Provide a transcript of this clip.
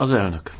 Az elnök.